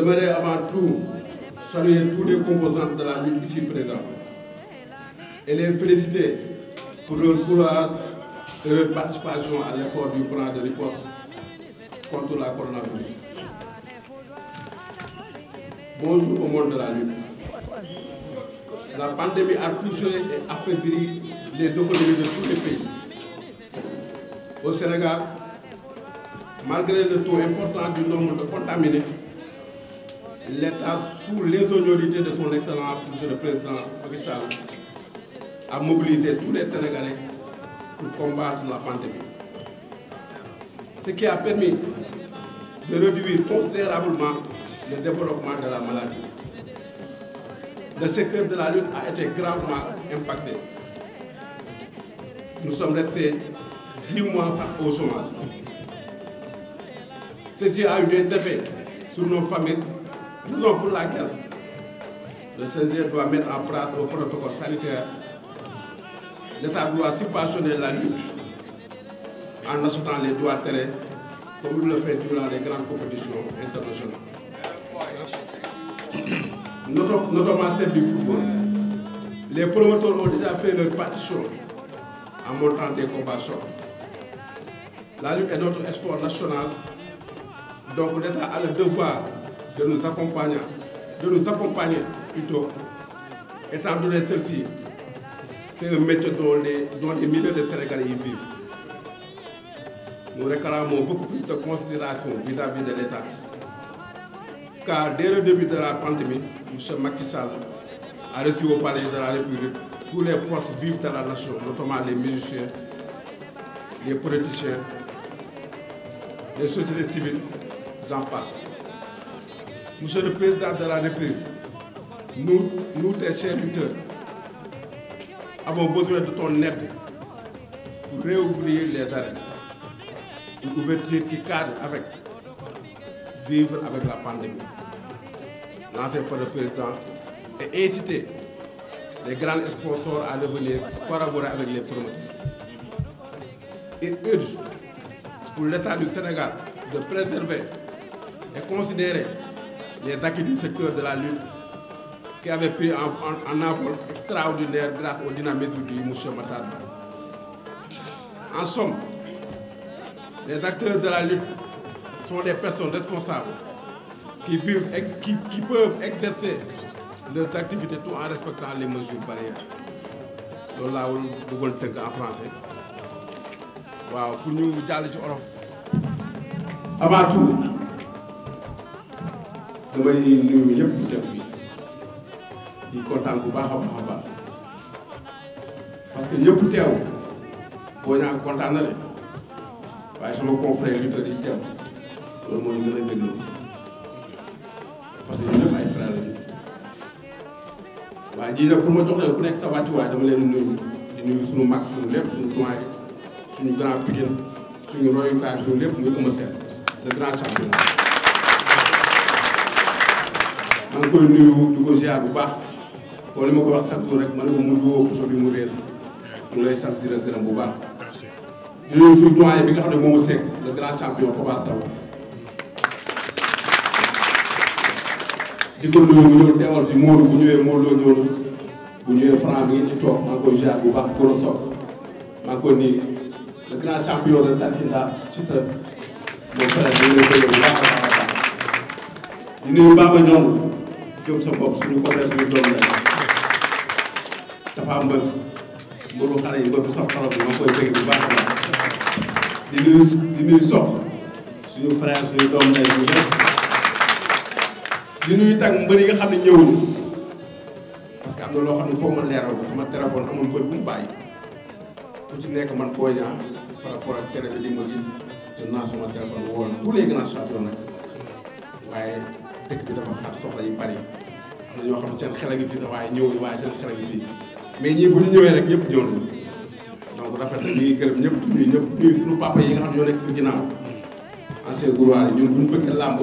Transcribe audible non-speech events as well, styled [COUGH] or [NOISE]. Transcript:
j'aimerais avant tout saluer tous les composants de la lutte présents et les féliciter pour leur courage à l'effort du plan de riposte contre la coronavirus. Bonjour au de la lutte. La pandémie a touché et affaibli les économies de les pays. Au Sénégal, malgré le taux important du nombre de contaminés, l'État sous les autorités de son excellence monsieur le président Macky Sall a mobilisé tous les Sénégalais pour combattre la pandémie. Ce qui a permis de réduire considérablement le développement de la maladie. Le secteur de la lutte a été gravement impacté. Nous sommes restés dix mois au chômage. Ceci a eu des effets sur nos familles Raison pour laquelle le CNG doit en place un protocole sanitaire. L'État doit subventionner la lutte en achetant les droits terrain comme le fait durant [COUGHS] déjà fait en montant des combats La lutte est notre espoir national, donc l'État a le devoir de nous accompagner, de nous accompagner plutôt, étant donné celle-ci, c'est un métier dont les, dont les milliers de Sénégalais y vivent. Nous réclamons beaucoup plus de considération vis-à-vis de l'État. Car dès le début de la pandémie, M. Macky Sall a reçu au palais de la République toutes les forces vives de la nation, les musiciens, les politiciens, les sociétés civiles, j'en passe. Monsieur le Président de la République, nous, nous tes serviteurs, avons besoin de ton aide pour réouvrir les arènes. Une ouverture qui cadre avec vivre avec la pandémie. Lancé par le Président et inciter les grands sponsors à devenir collaborer avec les promoteurs. Il urge pour l'État du Sénégal de préserver et considérer les acquis du de la lutte qui avait pris un, un, un extraordinaire grâce au dynamisme du M. Matar En somme, les acteurs de la lutte sont des personnes responsables qui, vivent, qui, qui peuvent exercer leurs activités tout en respectant les mesures barrières. loolu laa woon tënk en français waaw pour ñu jàll ci olof avant tout damay nuyu ñëpp teew fii di kontaan bu baax a baax a baax parce que ñëpp teew boo ñaa kontaan na de waaye sama confrère lutteur yi teew loolu moo ñu parce que jii nag pour ma jox leen ku nekk sa wàccuwaay dama leen nuyu di nuyu suñu mag suñu lépp suñu doyen suñu grand Pikine suñu royukaay suñu lépp muy Eumeu Sène le grand champion ma koy nuyu di ko ziar bu baax kon li ma ko wax chaque jour rek ma ne ko mu woo puso bi mu réer mu lay sant di la gërëm bu baax. di nuyu suñu doyen bi nga xam ne moom Seck le grand champion Papa Sow di ko nuyu mu ñëw teewal fi Modou bu ñëwee Modou la ñëw bu ñëwee Franc bi ngi ci ngi koy ziar bu baax Goro Sock maa ngi koy nii le grand gëm sa bopp suñu commerce bi nañ dafa mbër mbëru xale yi mbër bu sox xarab bi ma koy bëgg bu baax la di nuyu sox suñu frère suñu doom nañ ñu ñëpp di nuyu yi nga xam ne ñëwul parce que am na loo xam ne foo ma leeral ko sama téléphone amul mbër bu mu bàyyi ku ci nekk man koo ñaan par rapport li ma gis jot naa sama téléphone woo tous les soxla yu bari am na ñoo xam seen xel yi fi fii sax waaye ñëwuñu waaye seen xel a ngi mais ñii bu ñu ñëwee rek ñëpp ñëw nañu donc rafet na ñu ngi gërëm ñëpp ñuy ñëpp ñuy suñu papa yi nga xam ñoo nekk suñu ginnaaw ancien gouroir yi ñun buñu bëgg làmb